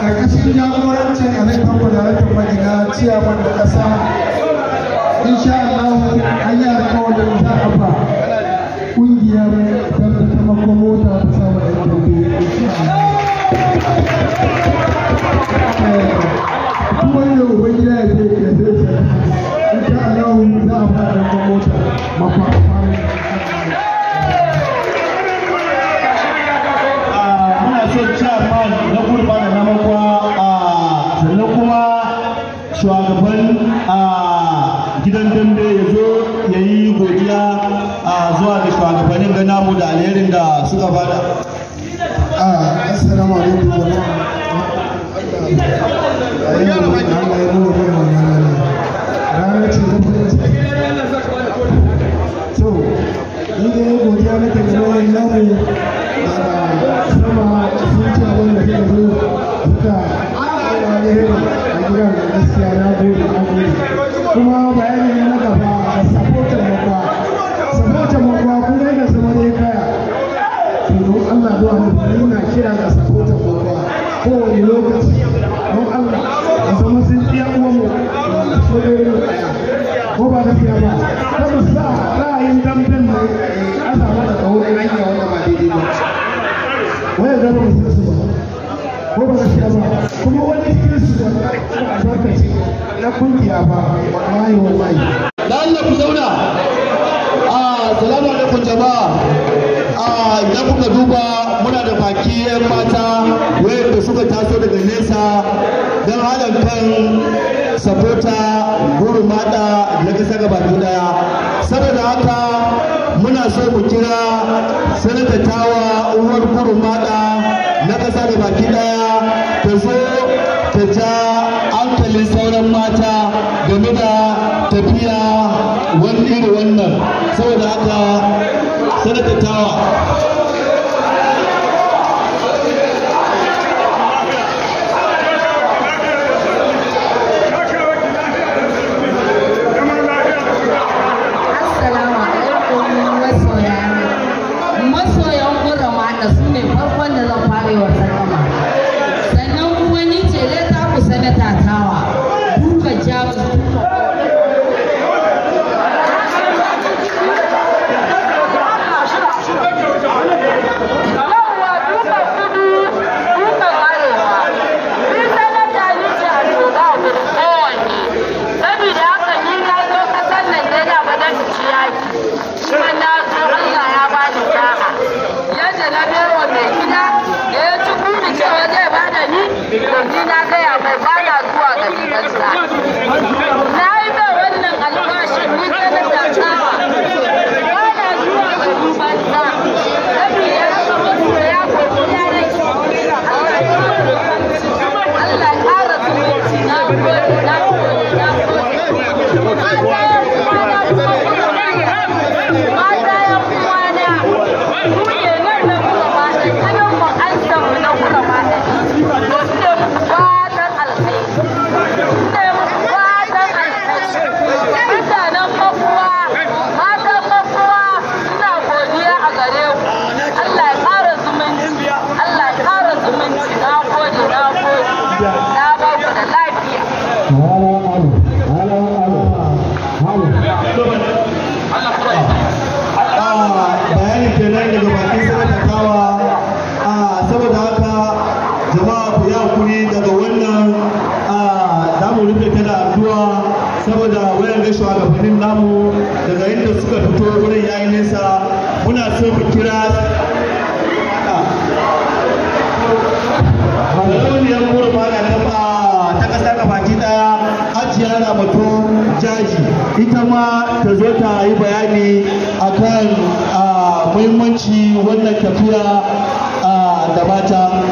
ƙarƙashin jagorancin alaikon gudanatun madina ciyaman da ƙasa insha Allah an yi alkawarin za a ba ƙungiyar don ta taimako mota ta samu ɗan zuwa ga shugabannin gana mu da alherin da suka bada assalamu alaikum to ni da ya na ke suka zo a gidan gaskiya na gode kuma bayan lafiya ba wallahi wallahi da Allah ku zauna ah, Salamu alaikum jama'a ah, idan kuka duba muna da baki yan mata wayanda suka taso daga nesa don haɗin kan sapota guru mata na ƙasa gaba daya saboda haka muna so mu kira sanatatawa uwar guru mata na ƙasa da baki daya ta zo wani iri wannan saboda haka sanatattawa sannan kuma ni ce leta ku sanata tawa duka jamus muna so mu kira ah, sarauniyar kurma na gaba ta ƙasa gabaki ɗaya hajiya na batu jaji ita ma ta zo ta yi bayani akan ah, muhimmanci wannan tafiya ah, da mata